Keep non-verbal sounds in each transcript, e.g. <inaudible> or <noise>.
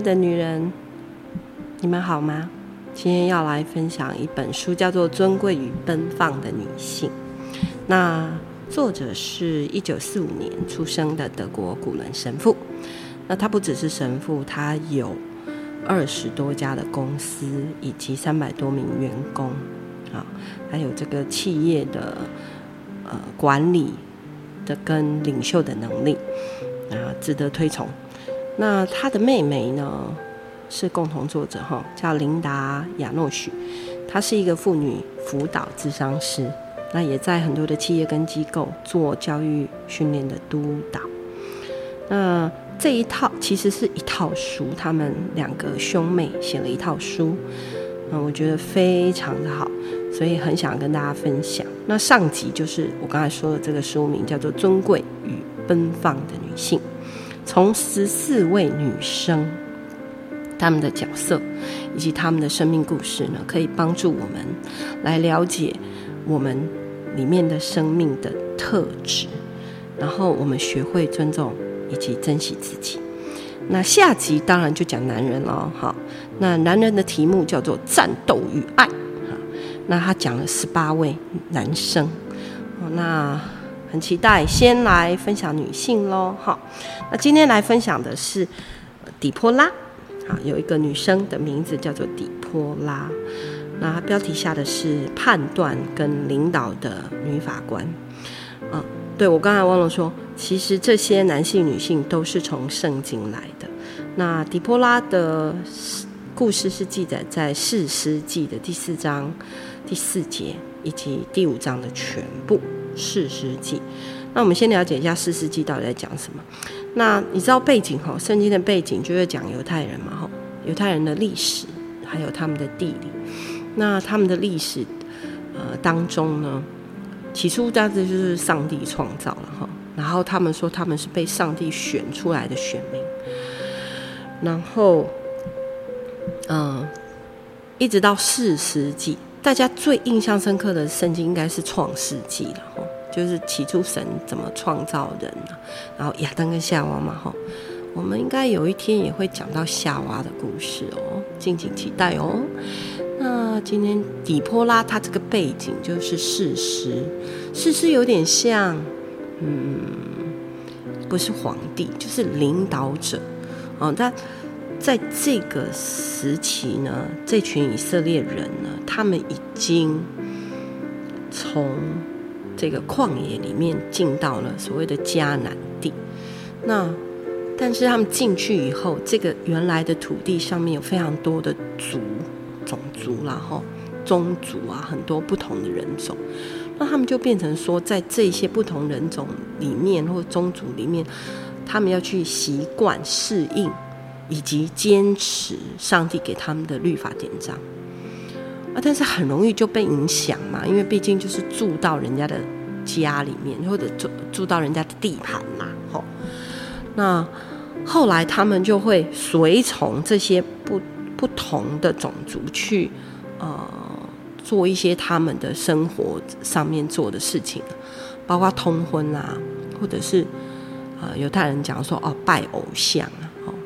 的女人，你們好嗎？今天要來分享一本書，叫做《尊貴與奔放的女性》。那作者是一九四五年出生的德國古倫神父。那他不只是神父，他有二十多家的公司以及三百多名員工啊，還有這個企業的呃管理的跟領袖的能力啊，值得推崇。那他的妹妹呢，是共同作者哈，叫琳達雅諾許，她是一個婦女輔導諮商師，那也在很多的企業跟機構做教育訓練的督導。那這一套其實是一套書，他們兩個兄妹寫了一套書，嗯，我覺得非常的好，所以很想跟大家分享。那上集就是我剛才說的這個書名叫做《尊貴與奔放的女性》。從十四位女生，她們的角色以及她們的生命故事呢，可以幫助我們來了解我們裡面的生命的特質，然後我們學會尊重以及珍惜自己。那下集當然就講男人了。好，那男人的題目叫做“戰鬥與愛”，好，那他講了十八位男生，哦，那。很期待，先來分享女性嘍，哈。那今天來分享的是底波拉，啊，有一個女生的名字叫做底波拉。那他標題下的是判斷跟領導的女法官。嗯、呃，對，我剛才忘了說，其實這些男性女性都是從聖經來的。那底波拉的故事是記載在士師記的第四章第四節以及第五章的全部。士師記，那我們先了解一下士師記到底在講什麼。那你知道背景吼，聖經的背景就是講猶太人嘛吼，猶太人的歷史，還有他們的地理。那他們的歷史，呃，當中呢，起初大致就是上帝創造了哈，然後他們說他們是被上帝選出來的選民，然後，嗯、呃，一直到士師記。大家最印象深刻的聖經應該是《創世紀》了，哈，就是起初神怎麼創造人，然後亞當跟夏娃嘛，哈，我們應該有一天也會講到夏娃的故事哦，敬請期待哦。那今天底波拉它這個背景就是士師，士師有點像，嗯，不是皇帝，就是領導者，哦。但在這個時期呢，這群以色列人呢，他們已經從這個曠野裡面進到了所謂的迦南地。那但是他們進去以後，這個原來的土地上面有非常多的族、種族，然後宗族啊，很多不同的人種。那他們就變成說，在這些不同人種裡面或宗族裡面，他們要去習慣適應。以及堅持上帝給他們的律法典章啊，但是很容易就被影響嘛，因為畢竟就是住到人家的家裡面，或者住住到人家的地盤嘛，哦、那後來他們就會隨從這些不不同的種族去呃做一些他們的生活上面做的事情，包括通婚啊，或者是啊猶太人講說哦拜偶像。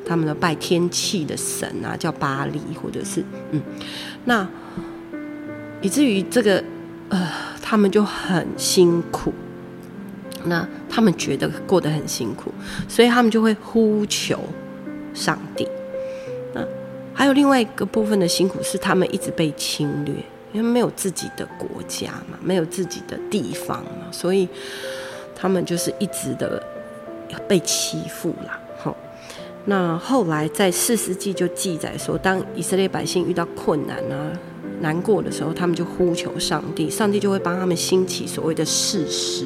他們的拜天氣的神啊，叫巴力或者是嗯，那以至於這個呃，他們就很辛苦，那他們覺得過得很辛苦，所以他們就會呼求上帝。那還有另外一個部分的辛苦是他們一直被侵略，因為沒有自己的國家嘛，沒有自己的地方嘛，所以他們就是一直的被欺負啦。那後來在士師記就記載說，當以色列百姓遇到困難啊、難過的時候，他們就呼求上帝，上帝就會幫他們興起所謂的士師，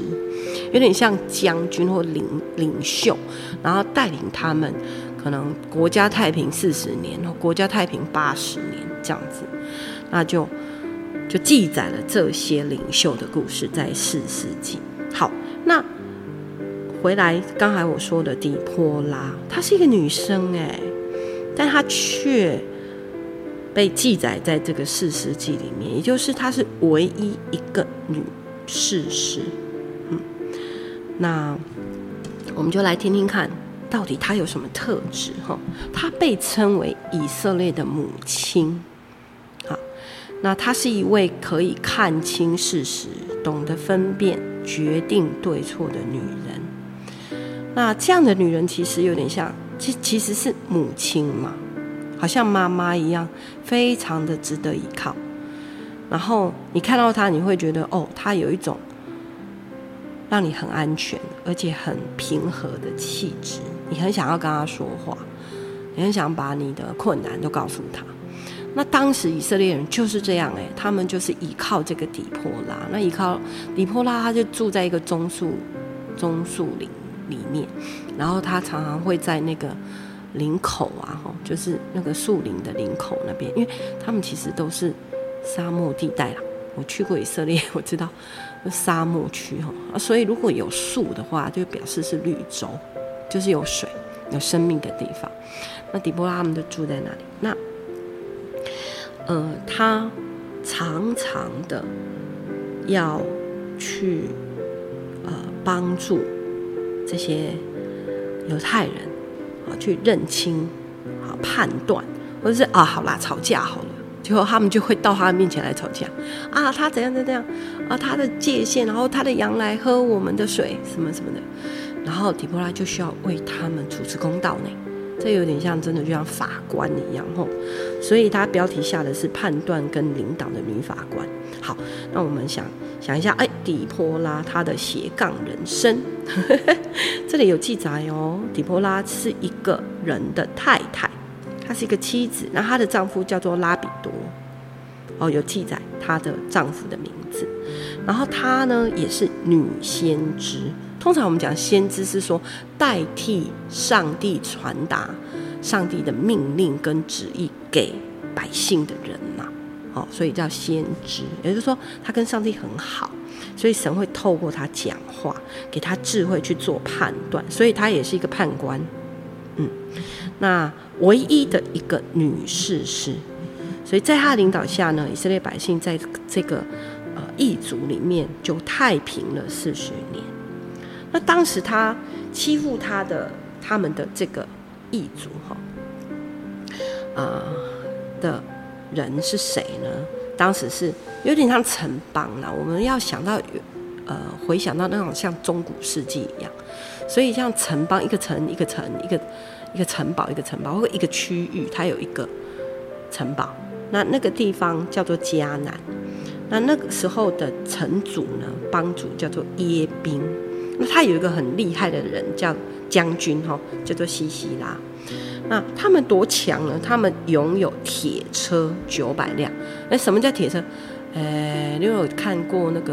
有點像將軍或領領袖，然後帶領他們，可能國家太平四十年，國家太平八十年這樣子，那就就記載了這些領袖的故事在士師記。好，那。回來，剛才我說的底波拉，她是一個女生誒、欸，但她卻被記載在這個士師記裡面，也就是她是唯一一個女士師。嗯，那我們就來聽聽看，到底她有什麼特質？哈，她被稱為以色列的母親。好，那她是一位可以看清事實、懂得分辨、決定對錯的女人。那這樣的女人其實有點像，其其實是母親嘛，好像媽媽一樣，非常的值得依靠。然後你看到她，你會覺得哦，她有一種讓你很安全而且很平和的氣質，你很想要跟她說話，你很想把你的困難都告訴她。那當時以色列人就是這樣、欸，哎，他們就是依靠這個底波拉，那依靠底波拉，他就住在一個棕樹棕樹林裡面，然後他常常會在那個林口啊、哦，就是那個樹林的林口那邊，因為他們其實都是沙漠地帶啦。我去過以色列，我知道、就是、沙漠區哈、哦啊，所以如果有樹的話，就表示是綠洲，就是有水、有生命的地方。那底波拉他們就住在那裡。那呃，他常常的要去呃幫助。這些猶太人啊，去認清啊，判斷，或者是啊，好啦，吵架好了，最後他們就會到他面前來吵架啊，他怎樣怎樣啊，他的界限，然後他的羊來喝我們的水，什麼什麼的，然後底波拉就需要為他們主持公道呢，這有點像真的就像法官一樣吼，所以他標題下的是判斷跟領導的女法官。好，那我們想想一下，哎、欸，底波拉她的斜槓人生， <laughs> 這裡有記載哦。底波拉是一個人的太太，她是一個妻子，那她的丈夫叫做拉比多，哦，有記載她的丈夫的名字。然後她呢，也是女先知。通常我們講先知是說代替上帝傳達上帝的命令跟旨意給百姓的人。所以叫先知，也就是說他跟上帝很好，所以神會透過他講話，給他智慧去做判斷，所以他也是一個判官。嗯，那唯一的一個女士師，所以在他的領導下呢，以色列百姓在這個呃異族裡面就太平了四十年。那當時他欺負他的他們的這個異族哈啊、呃、的。人是誰呢？當時是有點像城邦啦，我們要想到，呃，回想到那種像中古世紀一樣，所以像城邦，一個城一個城，一個一個城堡一個城堡，或一個區域，它有一個城堡。那那個地方叫做迦南，那那個時候的城主呢，邦主叫做耶賓，那他有一個很厲害的人叫將軍吼，叫做西西拉。那、啊、他們多強呢？他們擁有鐵車九百輛。那、欸、什麼叫鐵車？哎、欸，你有看過那個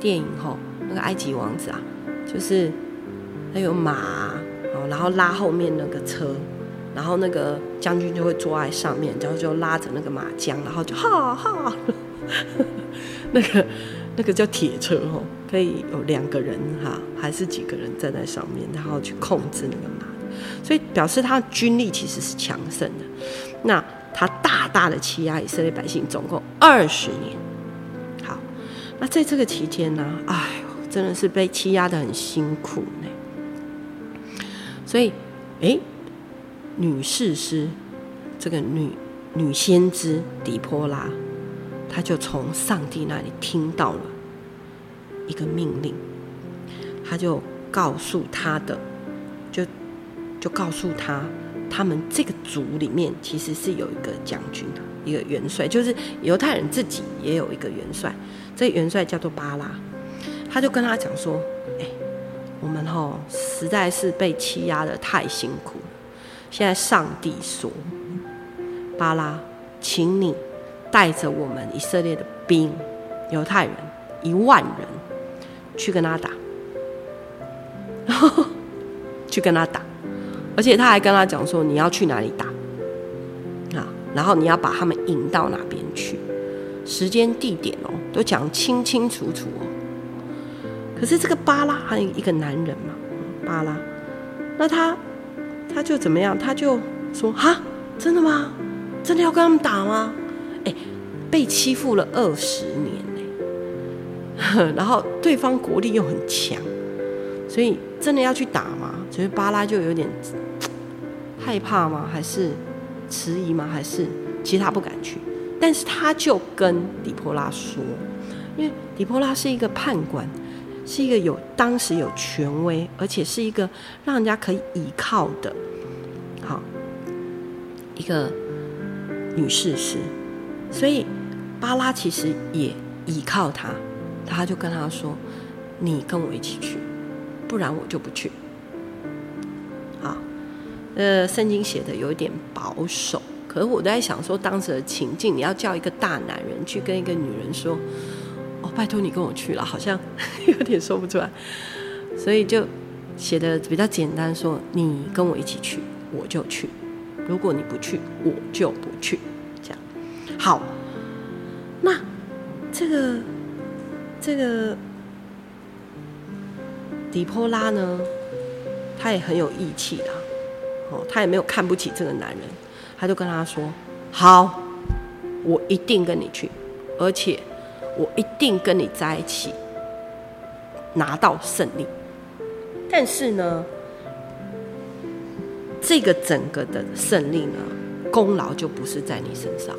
電影哦，那個埃及王子啊，就是他有馬哦，然後拉後面那個車，然後那個將軍就會坐在上面，然後就拉着那個馬韁，然後就哈哈呵呵。那個那個叫鐵車哦，可以有兩個人哈，還是幾個人站在上面，然後去控制那個馬。所以表示他的軍力其實是強盛的，那他大大的欺壓以色列百姓，總共二十年。好，那在這個期間呢、啊，哎，真的是被欺壓得很辛苦呢、欸。所以，哎、欸，女士師這個女女先知底波拉，她就從上帝那裡聽到了一個命令，她就告訴她的。就告訴他，他們這個族裡面其實是有一個將軍，一個元帥，就是猶太人自己也有一個元帥，這個、元帥叫做巴拉。他就跟他講說：“哎、欸，我們哦，實在是被欺壓得太辛苦，現在上帝說，巴拉，請你帶着我們以色列的兵，猶太人一萬人，去跟他打， <laughs> 去跟他打。”而且他還跟他講說，你要去哪裡打啊？然後你要把他們引到哪邊去？時間、地點哦，都講清清楚楚哦。可是這個巴拉還有一個男人嘛，巴拉，那他他就怎麼樣？他就說哈，真的嗎？真的要跟他們打嗎？哎，被欺負了二十年嘞，然後對方國力又很強。所以真的要去打嗎？所以巴拉就有點害怕嗎？還是遲疑嗎？還是其實他不敢去。但是他就跟底波拉說，因為底波拉是一個判官，是一個有當時有權威，而且是一個讓人家可以倚靠的，好一個女士師。所以巴拉其實也倚靠他，他就跟他說：“你跟我一起去。”不然我就不去，好，呃，聖經寫的有點保守，可是我在想說當時的情境，你要叫一個大男人去跟一個女人說，哦，拜託你跟我去了，好像有點說不出來，所以就寫的比較簡單說，說你跟我一起去，我就去；如果你不去，我就不去。這樣好，那這個這個。這個底波拉呢，他也很有義氣的，哦，他也沒有看不起這個男人，他就跟他說：“好，我一定跟你去，而且我一定跟你在一起，拿到勝利。”但是呢，這個整個的勝利呢，功勞就不是在你身上，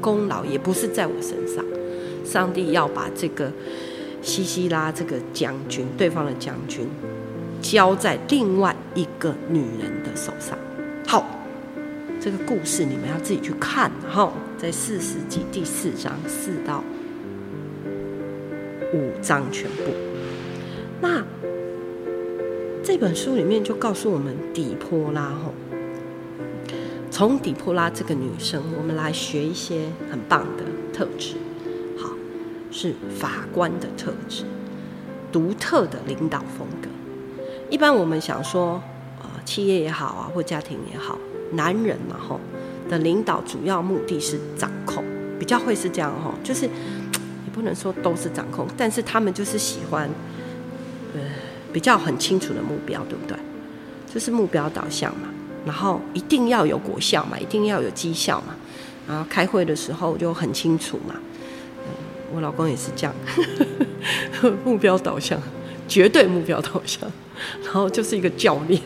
功勞也不是在我身上，上帝要把這個。西西拉這個將軍，對方的將軍，交在另外一個女人的手上。好，這個故事你們要自己去看，哈、哦，在士師記第四章四到五章全部。那這本書裡面就告訴我們底波拉，吼、哦，從底波拉這個女生，我們來學一些很棒的特質。是法官的特質，獨特的領導風格。一般我們想說，啊、呃，企業也好啊，或家庭也好，男人嘛、啊、吼的領導主要目的是掌控，比較會是這樣吼，就是也不能說都是掌控，但是他們就是喜歡，呃，比較很清楚的目標，對不對？就是目標導向嘛，然後一定要有果效嘛，一定要有績效嘛，然後開會的時候就很清楚嘛。我老公也是這樣， <laughs> 目標導向，絕對目標導向，然後就是一個教練，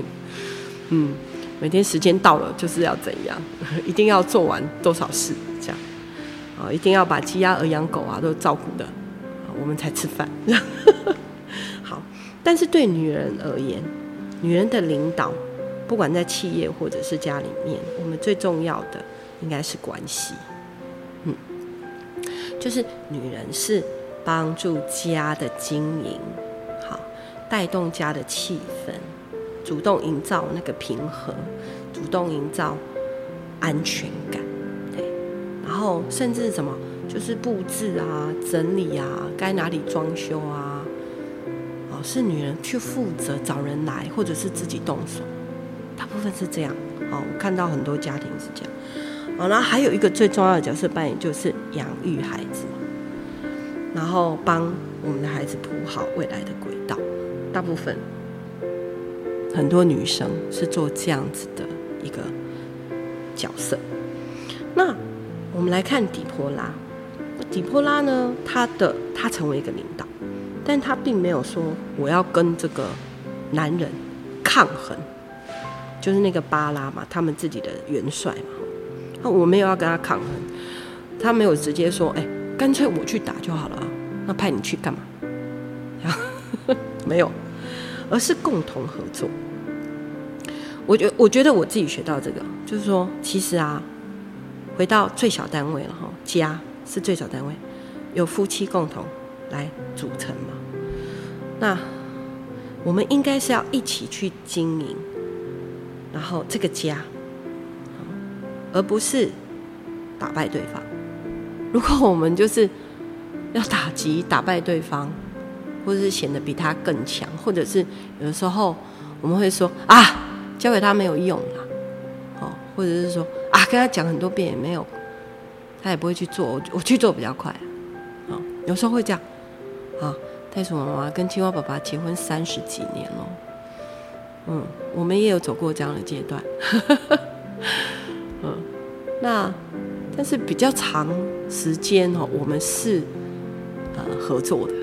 嗯，每天時間到了就是要怎樣，一定要做完多少事，這樣啊、哦，一定要把雞鴨鵝養狗啊都照顧的、哦，我們才吃飯。 <laughs> 好，但是對女人而言，女人的領導，不管在企業或者是家裡面，我們最重要的應該是關係，嗯。就是女人是幫助家的經營，好帶動家的氣氛，主動營造那個平和，主動營造安全感，對。然後甚至什麼，就是佈置啊、整理啊，該哪裡裝修啊，哦，是女人去負責找人來，或者是自己動手，大部分是這樣。哦，我看到很多家庭是這樣。哦，那還有一個最重要的角色扮演就是養育孩子，然後幫我們的孩子鋪好未來的軌道。大部分很多女生是做這樣子的一個角色。那我們來看底波拉，底波拉呢，她的她成為一個領導，但她並沒有說我要跟這個男人抗衡，就是那個巴拉嘛，他們自己的元帥嘛。那我沒有要跟他抗衡，他沒有直接說，哎、欸，乾脆我去打就好了，啊。那派你去幹嘛？ <laughs> 沒有，而是共同合作。我覺我覺得我自己學到這個，就是說，其實啊，回到最小單位了哈，家是最小單位，有夫妻共同來組成嘛。那我們應該是要一起去經營，然後這個家。而不是打敗對方。如果我們就是要打擊、打敗對方，或者是顯得比他更強，或者是有的時候我們會說啊，交給他沒有用啦，哦，或者是說啊，跟他講很多遍也沒有，他也不會去做，我我去做比較快啊，啊、哦，有時候會這樣啊。袋鼠媽媽跟青蛙爸爸結婚三十幾年了，嗯，我們也有走過這樣的階段。 <laughs> 那，但是比較長時間哦，我們是呃合作的。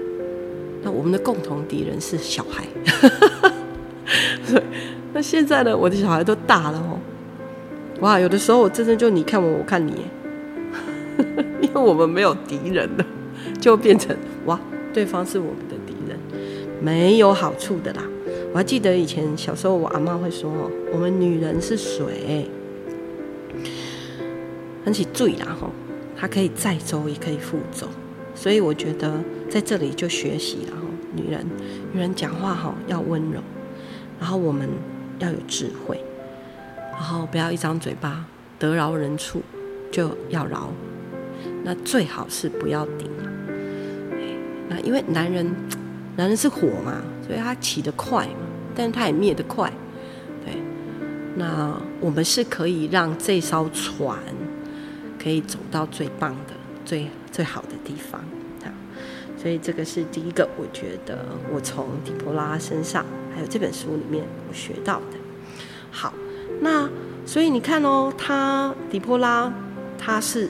那我們的共同敵人是小孩。所以 <laughs> 那現在呢，我的小孩都大了哦。哇，有的時候我真的就你看我，我看你， <laughs> 因為我們沒有敵人了，就變成哇，對方是我們的敵人，沒有好處的啦。我還記得以前小時候，我阿媽會說哦，我們女人是水。很起罪，然後他可以載舟，也可以覆舟，所以我覺得在這裡就學習了。女人，女人講話哈要溫柔，然後我們要有智慧，然後不要一張嘴巴，得饒人處就要饒，那最好是不要頂了。那因為男人，男人是火嘛，所以他起得快嘛，但是他也滅得快，對。那我們是可以讓這艘船，可以走到最棒的，最最好的地方，好，所以這個是第一個，我覺得我從底波拉身上，還有這本書裡面我學到的。好，那所以你看哦，他底波拉，他是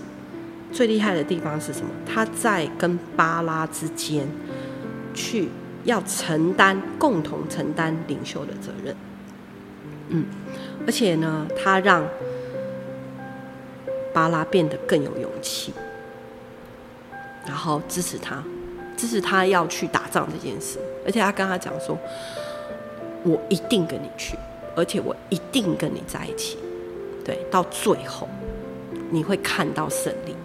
最厲害的地方是什麼？他在跟巴拉之間去要承擔共同承擔領袖的責任，嗯，而且呢，他讓。巴拉變得更有勇氣，然後支持他，支持他要去打仗這件事，而且他跟他講說：“我一定跟你去，而且我一定跟你在一起。”對，到最後你會看到勝利，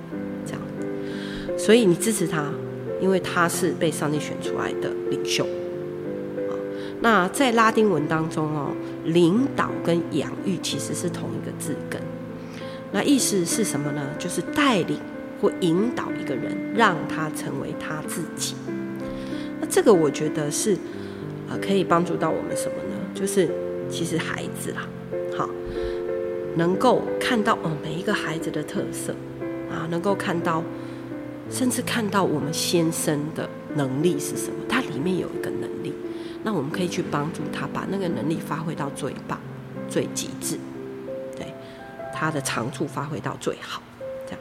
這樣。所以你支持他，因為他是被上帝選出來的領袖。那在拉丁文當中哦，領導跟養育其實是同一個字根。那意思是什麼呢？就是帶領或引導一個人，讓他成為他自己。那這個我覺得是啊、呃，可以幫助到我們什麼呢？就是其實孩子啦，好，能夠看到哦、嗯，每一個孩子的特色啊，能夠看到，甚至看到我們先生的能力是什麼。他裡面有一個能力，那我們可以去幫助他，把那個能力發揮到最棒、最極致。他的長處發揮到最好，這樣，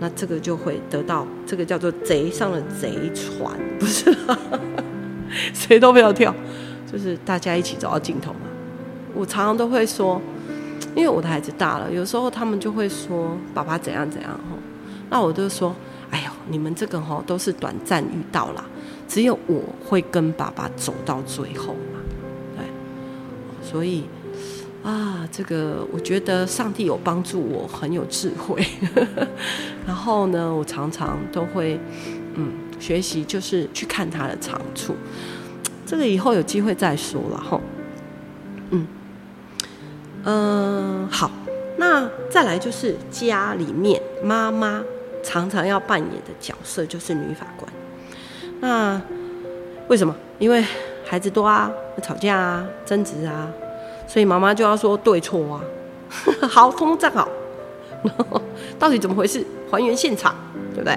那這個就會得到這個叫做“賊上了賊船”，不是？誰都不要跳，就是大家一起走到盡頭嘛。我常常都會說，因為我的孩子大了，有時候他們就會說：“爸爸怎樣怎樣。”吼，那我就說：“哎呦，你們這個吼都是短暫遇到了，只有我會跟爸爸走到最後嘛。”對，所以。啊，這個我覺得上帝有幫助我，很有智慧。 <laughs> 然後呢，我常常都會，嗯，學習就是去看他的長處。這個以後有機會再說了哈。嗯，嗯、呃，好，那再來就是家裡面媽媽常常要扮演的角色就是女法官。那為什麼？因為孩子多啊，吵架啊，爭執啊。所以媽媽就要說對錯啊，呵呵好，通通站好然後，到底怎麼回事？還原現場，對不對？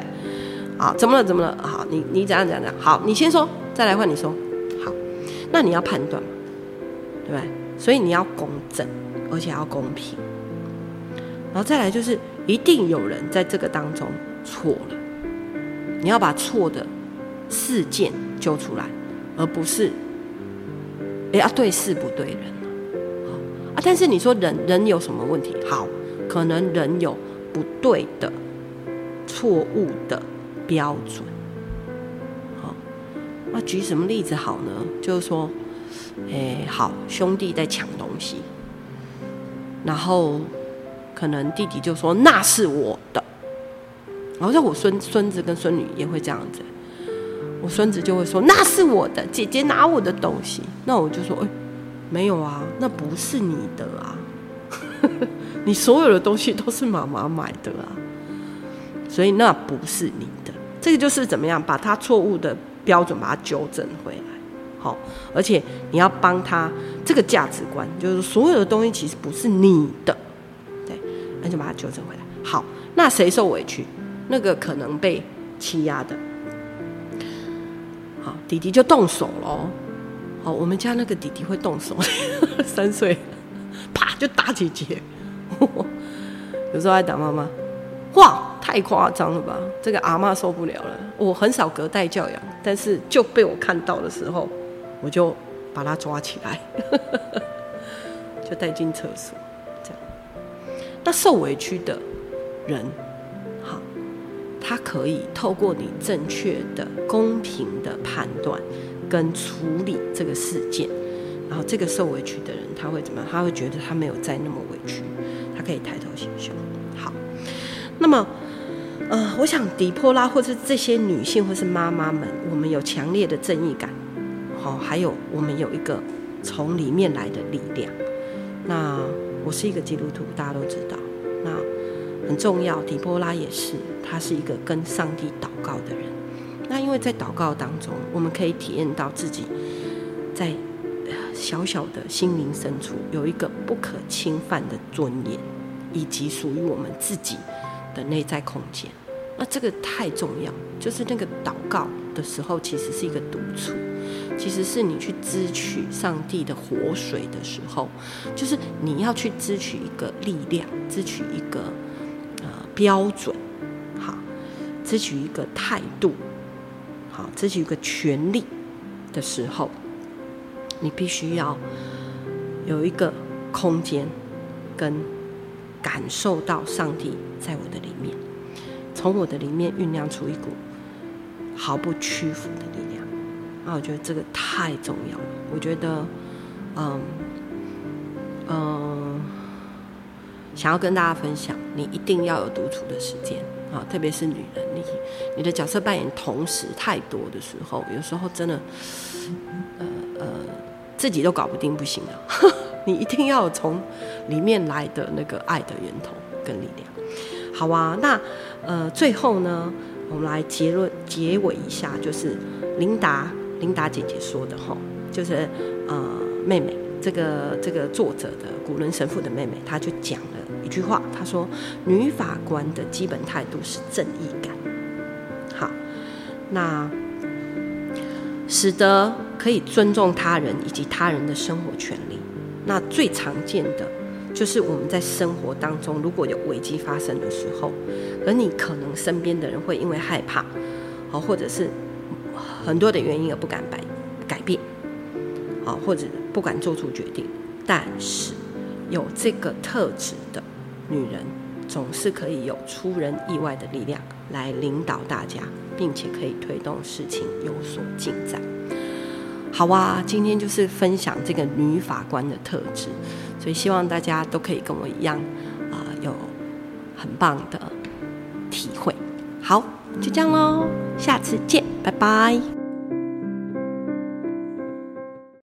啊，怎麼了？怎麼了？好，你你怎樣？怎樣？好，你先說，再來換你說。好，那你要判斷，對不對？所以你要公正，而且要公平。然後再來就是，一定有人在這個當中錯了，你要把錯的事件揪出來，而不是哎啊對事不對人。啊！但是你說人人有什麼問題？好，可能人有不對的、錯誤的標準。好，那、啊、舉什麼例子好呢？就是說，哎、欸，好兄弟在搶東西，然後可能弟弟就說那是我的，好像我孫孫子跟孫女也會這樣子。我孫子就會說那是我的，姐姐拿我的東西，那我就說哎。欸沒有啊，那不是你的啊！ <laughs> 你所有的東西都是媽媽買的啊，所以那不是你的。這個就是怎麼樣，把他錯誤的標準把它糾正回來。好、哦，而且你要幫他這個價值觀，就是所有的東西其實不是你的，對，那就把它糾正回來。好，那誰受委屈？那個可能被欺壓的。好，弟弟就動手嘍。哦，我們家那個弟弟會動手， <laughs> 三歲了，啪就打姐姐， <laughs> 有時候還打媽媽，哇，太誇張了吧！這個阿嬤受不了了。我很少隔代教養，但是就被我看到的時候，我就把他抓起來， <laughs> 就帶進廁所，這樣。那受委屈的人，好，他可以透過你正確的、公平的判斷。跟處理這個事件，然後這個受委屈的人，他會怎麼樣？他會覺得他沒有再那麼委屈，他可以抬頭挺胸。好，那麼，呃，我想底波拉或是這些女性或是媽媽們，我們有強烈的正義感，好，哦，還有我們有一個從裡面來的力量。那我是一個基督徒，大家都知道，那很重要。底波拉也是，他是一個跟上帝禱告的人。那因為在禱告當中，我們可以體驗到自己在小小的心靈深處有一個不可侵犯的尊嚴，以及屬於我們自己的內在空間。那這個太重要，就是那個禱告的時候，其實是一個獨處，其實是你去支取上帝的活水的時候，就是你要去支取一個力量，支取一個呃標準，好，支取一個態度。好，自己有個權利的時候，你必須要有一個空間，跟感受到上帝在我的裡面，從我的裡面醞釀出一股毫不屈服的力量。那我覺得這個太重要了。我覺得，嗯，嗯。想要跟大家分享，你一定要有獨處的時間啊，特別是女人，你你的角色扮演同時太多的時候，有時候真的，呃呃，自己都搞不定不行啊。 <laughs> 你一定要從裡面來的那個愛的源頭跟力量。好啊，那呃最後呢，我們來結論結尾一下，就是琳達琳達姐姐說的哈、哦，就是呃妹妹這個這個作者的古倫神父的妹妹，她就講。一句話，他說：“女法官的基本態度是正義感。好，那使得可以尊重他人以及他人的生活權利。那最常見的就是我們在生活當中如果有危機發生的時候，而你可能身邊的人會因為害怕，哦，或者是很多的原因而不敢改改變，哦，或者不敢做出決定。但是有這個特質。”女人總是可以有出人意外的力量來領導大家，並且可以推動事情有所進展。好啊，今天就是分享這個女法官的特質，所以希望大家都可以跟我一樣，啊，有很棒的體會。好，就這樣嘍，下次見，拜拜。